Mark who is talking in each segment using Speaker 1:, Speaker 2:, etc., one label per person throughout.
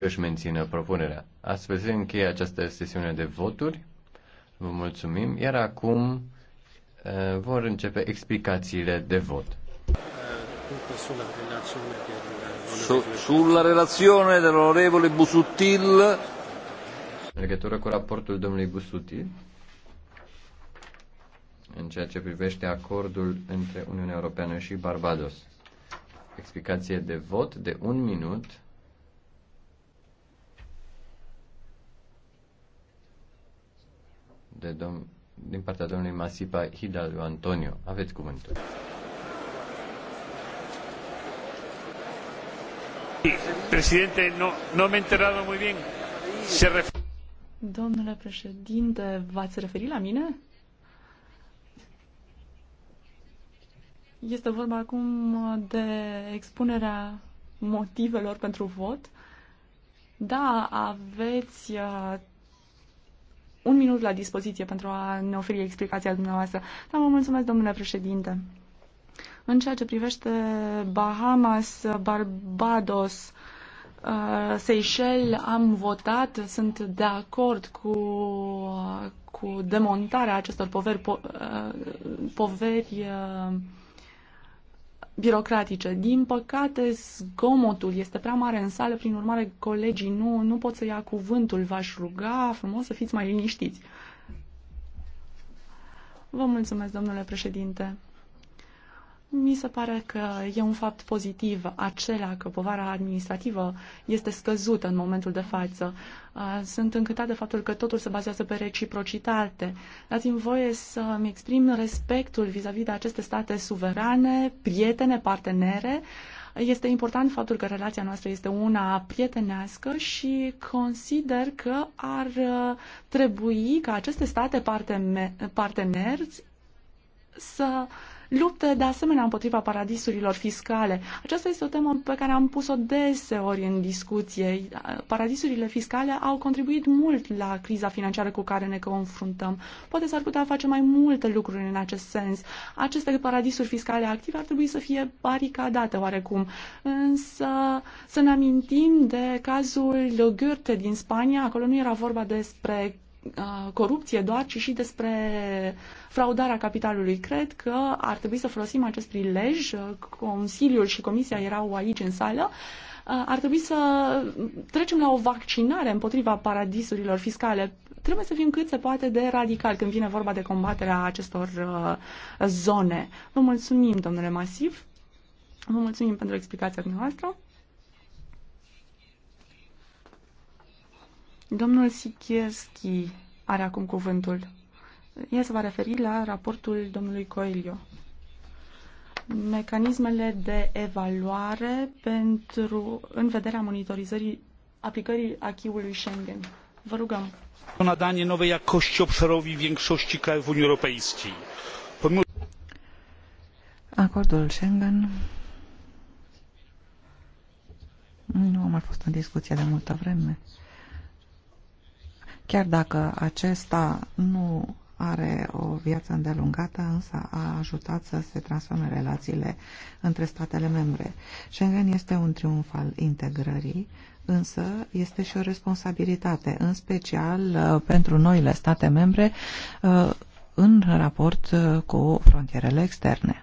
Speaker 1: își mențină propunerea. Astfel se încheie această sesiune de voturi. Vă mulțumim. Iar acum uh, vor începe explicațiile de vot. Sulla relazione dell'onorevole Busuttil. În legătură cu raportul domnului Busuttil, în ceea ce privește acordul între Uniunea Europeană și Barbados. Explicație de vot de un minut de dom- din partea domnului Masipa Hidalgo Antonio. Aveți cuvântul. Președinte, nu, no am enterado muy bine. Se ref-
Speaker 2: Domnule președinte, v-ați referit la mine? Este vorba acum de expunerea motivelor pentru vot. Da, aveți uh, un minut la dispoziție pentru a ne oferi explicația dumneavoastră. Dar vă mulțumesc, domnule președinte. În ceea ce privește Bahamas, Barbados, uh, Seychelles, am votat, sunt de acord cu, cu demontarea acestor poveri, po, uh, poveri uh, birocratice. Din păcate, zgomotul este prea mare în sală, prin urmare, colegii nu, nu pot să ia cuvântul. V-aș ruga frumos să fiți mai liniștiți. Vă mulțumesc, domnule președinte. Mi se pare că e un fapt pozitiv acela că povara administrativă este scăzută în momentul de față. Sunt încântat de faptul că totul se bazează pe reciprocitate. Dați-mi voie să-mi exprim respectul vis-a-vis de aceste state suverane, prietene, partenere. Este important faptul că relația noastră este una prietenească și consider că ar uh, trebui ca aceste state parteneri să uh, lupte de asemenea împotriva paradisurilor fiscale. Aceasta este o temă pe care am pus-o deseori în discuție. Paradisurile fiscale au contribuit mult la criza financiară cu care ne confruntăm. Poate s-ar putea face mai multe lucruri în acest sens. Aceste paradisuri fiscale active ar trebui să fie baricadate oarecum. Însă să ne amintim de cazul Goethe din Spania. Acolo nu era vorba despre Uh, corupție doar, ci și despre fraudarea capitalului. Cred că ar trebui să folosim acest prilej. Consiliul și Comisia erau aici în sală uh, ar trebui să trecem la o vaccinare împotriva paradisurilor fiscale. Trebuie să fim cât se poate de radical când vine vorba de combaterea acestor uh, zone. Vă mulțumim, domnule Masiv. Vă mulțumim pentru explicația dumneavoastră. Domnul Sikierski are acum cuvântul. El se va referi la raportul domnului Coelho. Mecanismele de evaluare pentru, în vederea monitorizării aplicării achiului Schengen. Vă rugăm. Nadanie nowej jakości obszarowi większości krajów Unii Europejskiej.
Speaker 1: Acordul Schengen nu a mai fost în discuție de multă vreme Chiar dacă acesta nu are o viață îndelungată, însă a ajutat să se transforme relațiile între statele membre. Schengen este un triumf al integrării, însă este și o responsabilitate, în special uh, pentru noile state membre, uh, în raport uh, cu frontierele externe.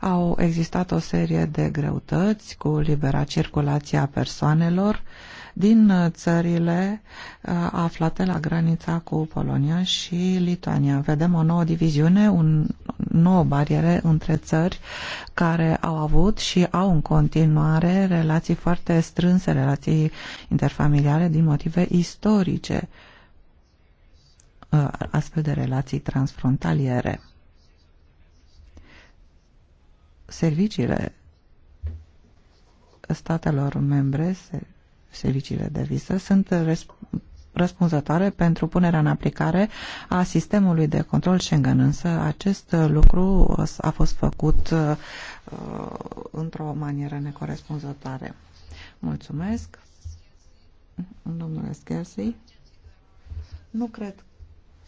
Speaker 1: Au existat o serie de greutăți cu libera circulație a persoanelor din uh, țările uh, aflate la granița cu Polonia și Lituania. Vedem o nouă diviziune, un nouă bariere între țări care au avut și au în continuare relații foarte strânse, relații interfamiliare din motive istorice uh, astfel de relații transfrontaliere serviciile statelor membre, serviciile de viză, sunt răspunzătoare pentru punerea în aplicare a sistemului de control Schengen, însă acest lucru a fost făcut uh, într-o manieră necorespunzătoare. Mulțumesc, domnule Scherzi. Nu cred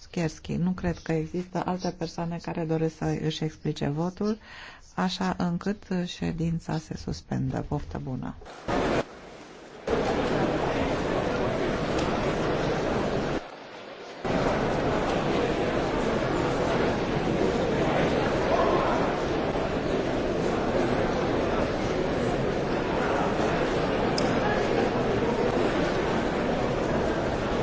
Speaker 1: Skersky. Nu cred că există alte persoane care doresc să își explice votul, așa încât ședința se suspendă. Poftă bună!